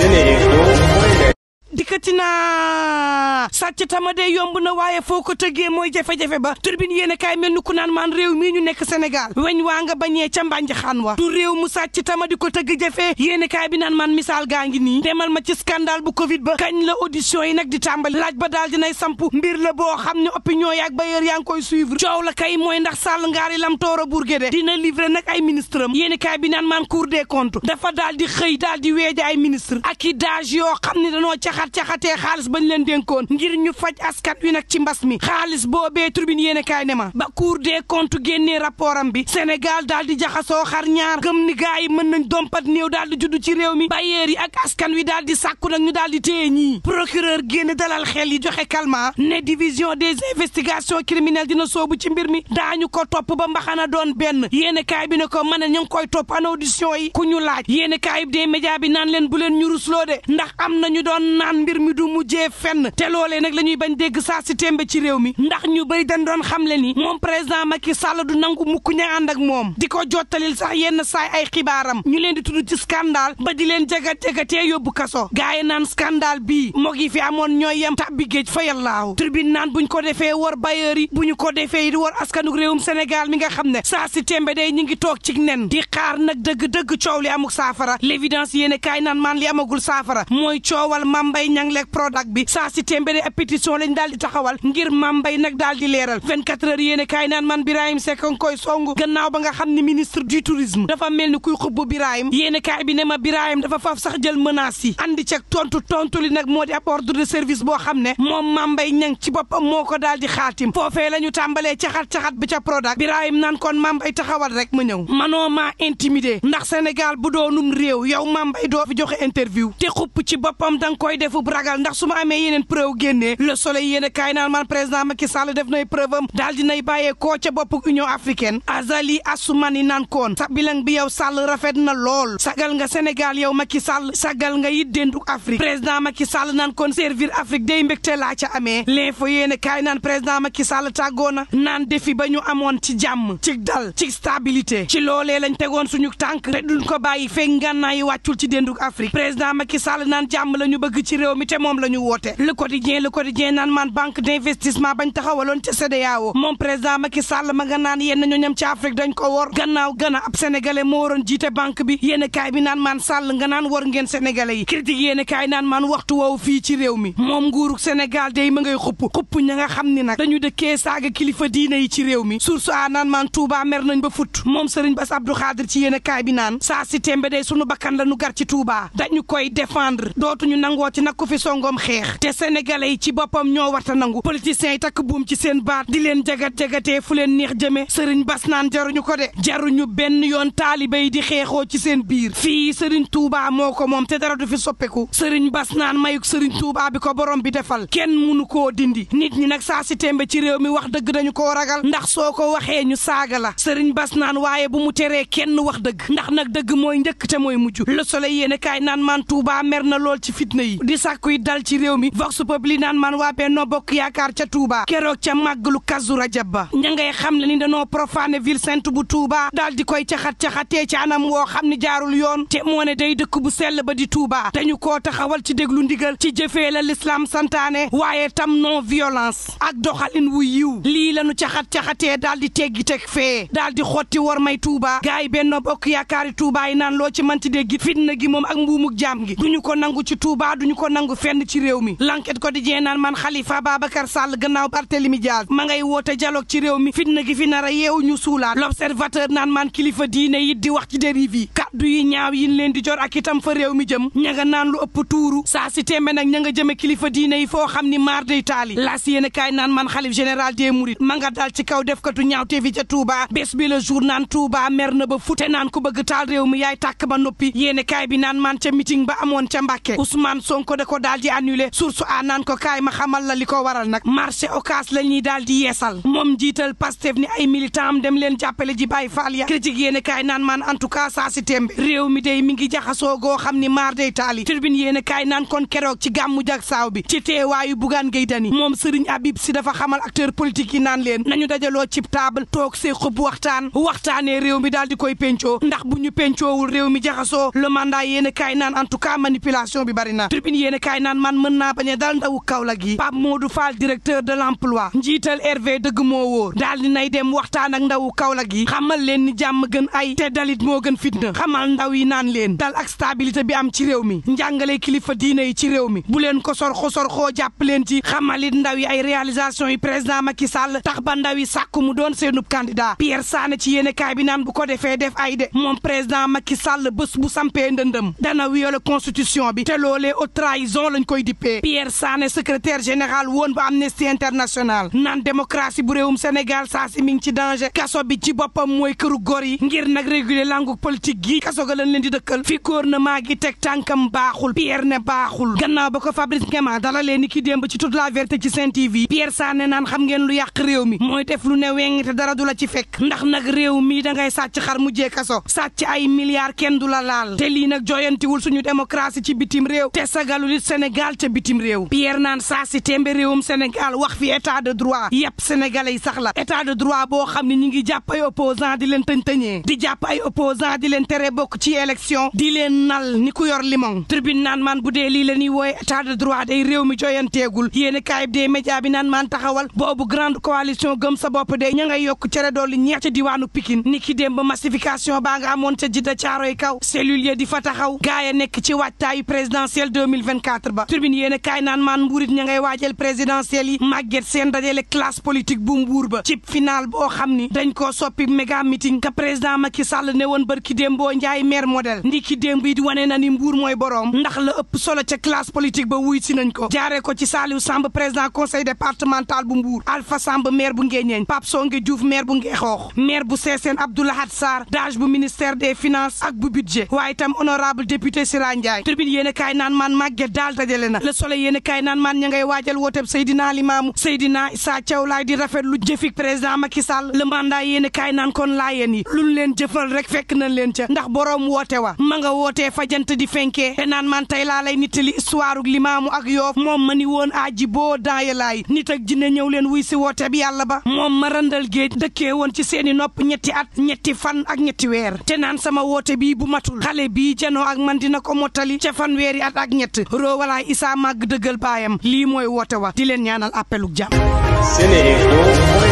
Sénégal. yëkkati naa sacc tama dee yomb na waaye foo ko tëggee mooy jafe-jafe ba turbine yéen a kaay mel ni ku naan maan réew mii ñu nekk Sénégal weñ waa nga bañee ca mbànj xaan wa du réew mu sàcc tama di ko tëgg jafe yéen a bi naan man misaal gaa ngi nii demal ma ci scandale bu Covid ba kañ la audition yi nag di tàmbali laaj ba daal dinay samp mbir la boo xam ne opinion yaak bayeer yaa ngi koy suivre coow la kay mooy ndax sàll ngaari lam tooro burge de dina livrer nag ay ministre am yéen kaay bi naan maan cour des comptes dafa di xëy daal di weeje ay ministre ak i daaj yoo xam ne dañoo caxat cax-caxatee xaalis bañ leen dénkoon ngir ñu faj askat wi nag ci mbas mi xaalis boobee tribune yéene kaay ne ma ba cour des comptes génnee rapport bi Sénégal daal di jaxasoo xar ñaar gëm ni gaay yi mën nañ dompat néew daal di juddu ci réew mi bayeer ak askan wi daal di sàkku nag ñu daal di téye ñii procureur génn dalal xel yi joxe calmant ne division des investigations criminelles dina soobu ci mbir mi daañu ko topp ba mbaxana doon benn yéene kaay bi na ko mën a ñu ngi koy topp an audition yi ku ñu laaj bi des média bi bu leen ñu mbir mi du mujjee fenn te loolee nag la ñuy bañ dégg saa si tembe ci réew mi ndax ñu bëri dañ xam le ni moom président Macky Sall du nangu mukk ñaan ànd ak moom di ko jottalil sax yenn saay ay xibaaram ñu leen di tudd ci scandale ba di leen jagat-jagatee yóbbu kaso gaay naan scandale bii moo gi fi amoon ñooy yem tàbbi géej fa yàllaaw tribune naan buñ ko defee war bailleurs yi bu ñu ko defee yi war askanug réewum Sénégal mi nga xam ne saa si tembe day ñu ngi toog ci nen di xaar nag dëgg-dëgg coow li amul saafara l'évidence yéene kaay naan maan li amagul saafara mooy coowal mambay ñang leeg Prodac bi saa si témbéri ab pétition lañ daal di taxawal ngir Mame Mbaye nag daal di leeral 24 heures yéene kaay naan man Birahim Seck koy song gannaaw ba nga xam ni ministre du tourisme dafa mel ni kuy xubbu Birahim yéene kaay bi ne ma Birahim dafa faaf sax jël menace yi andi ceg tontu tontu li nag moo di ab ordre de service boo xam ne moom Mame Mbaye ñang ci boppam moo ko daal di xaatim foofee la ñu tàmbalee caxat-caxat bi ca Prodac Birahim naan kon Mame Mbaye taxawal rek mu ñëw manoo maa intimidé ndax Sénégal bu doonum réew yow Mame doo fi joxe interview te xupp ci boppam danga koy defu buub ragal ndax su ma amee yeneen preuve a kaay naan man président Macky Sall def nay preuve am daal dinay bàyyee koo ca bopp Union africaine Azali sa na lool sagal nga Sénégal yow Macky Sall sagal nga it dénduk Afrique président Macky Sall naan kon servir Afrique day mbégte laa ca amee l'info yéen a président Macky Sall tàggoona naan defi ba ñu amoon ci jàmm ci dal ci stabilité ci loolee lañ tegoon suñu tànk te duñ ko bàyyi fekk ngànnaay wàccul ci dénduk Afrique président Macky Sall naan jàmm la ñu bëgg ci réew mi te moom la ñu woote le quotidien le quotidien naan maan banque d'investissement bañ taxawaloon ca CEDEAO moom président Macky Sall ma nga naan yéen ñoñam ci Afrique dañ ko wor gannaaw gana ab sénégalais moo waroon jiite banque bi yéen kaay bi naan maan Sall nga naan wor ngeen sénégalais yi critique yéen kaay naan maan waxtu woowu fii ci réew mi moom nguurug Sénégal day ma ngay xupp xupp ña nga xam ni nag dañu dëkkee saaga kilifa diine yi ci réew mi source naan maan Touba mer ba fut moom Serigne Bass Abdou Khadre ci yéen kaay bi naan saa si tembe day ku fi songoom xeex te sénégalais yi ci boppam ñoo warta nangu politiciens yi takk buum ci seen baat di leen jagat-jagatee fu leen neex jëme sëriñ bas naan jaruñu ko de jaruñu benn yoon taalibe yi di xeexoo ci seen biir fii sëriñ Touba moo ko moom te dara du fi soppeku sëriñ bas naan mayuk sëriñ Touba bi ko borom bi defal kenn munu koo dindi nit ñi nag saa si tembe ci réew mi wax dëgg dañu koo ragal ndax soo ko waxee ñu saaga la sëriñ bas naan waaye bu mu teree kenn wax dëgg ndax nag dëgg mooy njëkk te mooy mujj le soleil yéene kaay naan maan Touba mer na lool ci fitna yi sàkku yi dal ci réew mi vox populi naan man waa Benno Bokk Yaakaar ca Touba keroog ca màggalu Kazu ba ña ngay xam ne ni dañoo profané ville sainte bu Touba daal di koy caxat-caxatee ci anam woo xam ni jaarul yoon te moo ne day dëkk bu sell ba di Touba dañu koo taxawal ci déglu ndigal ci jëfee la l'islam santaane waaye tam non violence ak doxalin wu yiw lii lañu caxat-caxatee daal di teggi teg fee daal di xotti war may Touba gaay Benno Bokk Yaakaar yi Touba yi nan loo ci man ci dégg fitna gi moom ak mbuumuk jaam gi duñu ko nangu ci Touba duñu ko nangu fenn ci réew mi l'enquête quotidien naan man Khalifa Babacar Sall gannaaw Barthélemy Diaz ma ngay woote dialogue ci réew mi fitna gi fi nar a yeewu ñu suulaat l'observateur naan man kilifa diine yi di wax ci dérive yi kaddu yi ñaaw yi leen di jor ak itam fa réew mi jëm ña nga naan lu ëpp tuuru saa si tembe nag ña nga jëme kilifa diine yi foo xam ni maar day taali laas yéen kaay naan man xalif général des mourides ma nga dal ci kaw defkatu ñaawte fi ca Touba bés bi le jour naan Touba mer na ba fute naan ku bëgg taal réew mi yaay tàkk ba noppi yéen kaay bi naan man ca meeting ba ca Mbàkke Ousmane ko daal di annulé source a naan ko kaay ma xamal la ko waral nag marché occas la ñuy daal di yeesal moom jiital Pastef ni ay militan am dem leen jàppale ji bàyyi faal ya critique yéen kaay naan maan en tout cas saa si tembe réew mi day mi ngi jaxasoo goo xam ni maar day taali turbine yéen kaay naan kon keroog ci gàmmu jag saaw bi ci teewaayu bugaan gay dani moom Serigne Habib si dafa xamal acteur politique yi naan leen nañu dajaloo cib taabal toog see xub waxtaan waxtaanee réew mi daal di koy pencoo ndax bu ñu pencoowul réew mi jaxasoo le mandat yéen kaay naan en tout cas manipulation bi bari na kaay naan man mën naa bañ a dal ndawu Kaolack yi Pape Modou Fall directeur de l'emploi njiital RV dëgg moo wóor daal nay dem waxtaan ak ndawu Kaolack yi xamal leen ni jàmm gën ay te dalit moo gën fitna xamal ndaw yi naan leen dal ak stabilité bi am ci réew mi njàngale kilifa diine yi ci réew mi bu leen ko sor xosor xoo jàpp leen ci xamalit ndaw yi ay réalisation yi président Macky Sall tax ba ndaw yi sàkku mu doon seenub candidat Pierre Sané ci yéene kaay bi naan bu ko defee def ay de moom président Macky Sall bés bu sampee ndëndëm trahison lañ koy dippee Pierre Sané secrétaire général woon ba Amnesty International naan démocratie bu réewum Sénégal saa si mi ngi ci danger kaso bi ci boppam mooy këru góor yi ngir nag réguler langue politique gi kaso ga lañ leen di dëkkal fi gouvernement gi teg tànkam baaxul Pierre ne baaxul gannaaw ba ko Fabrice Ngema dalalee ni ki démb ci toute la vérité ci Sen TV Pierre Sané naan xam ngeen lu yàq réew mi mooy def lu ne weng te dara du la ci fekk ndax nag réew mi da ngay sàcc xar mujjee kaso sàcc ay milliards kenn du la laal te lii nag jooyantiwul suñu démocratie ci bitim réew jullit Sénégal ca bitim réew Pierre naan saa tembe réewum Sénégal wax fi état de droit yépp sénégalais yi sax la état de droit boo xam ne ñi ngi jàpp ay opposant di leen tëñ-tëñee di jàpp ay opposant di leen tere bokk ci élection di leen nal ni ku yor limon tribune naan man bu dee lii la ñuy wooye état de droit day réew mi joyanteegul yéeni kaayib dee média bi naan maan taxawal boobu grande coalition gëm sa bopp de yokk cere dool ñeex ca di fa taxaw gaay a nekk 24 ba turbine a kaay naan maan mbuurit ña ngay waajal présidentiel yi màgget seen dajale classe politique bu mbuur ba cib final boo xam ni dañ koo soppi méga meeting ka président Macky Sall ne woon bërki démboo njaay maire modèle ndiki démb it wane na ni mbuur mooy boroom ndax la ëpp solo ca classe politique ba wuy si nañ ko jaare ko ci Saliou Samb président conseil départemental bu mbuur Alpha Samb maire bu Ngéñeeñ Pape Songe Diouf maire bu bu Seeseen Abdoulahat Sarr a kaay daal dajale na le soleil yéen kaay naan maan ña ngay waajal wooteb Seydina Limaamu Seydina Issa Thiaw Laay di rafet lu jëfik président Macky Sall le mandat yéen kaay naan kon laayeen yi luñ leen jëfal rek fekk nañ leen ca ndax boroom woote wa ma nga wootee fajant di fenkee te naan maan tey laa lay nittali histoire Limaamu ak Yoof moom ma ni woon aji boo daayalaay nit ak jinne ñëw leen wuy si woote bi yàlla ba moom ma randal géej dëkkee woon ci seeni nopp ñetti at ñetti fan ak ñetti weer te naan sama woote bii bu matul xale bii janoo ak man dina ko mottali ca fanweeri at ak ñett Mourou walaay màgg dëggal baayam lii mooy woote wa di leen ñaanal appelu jàmm.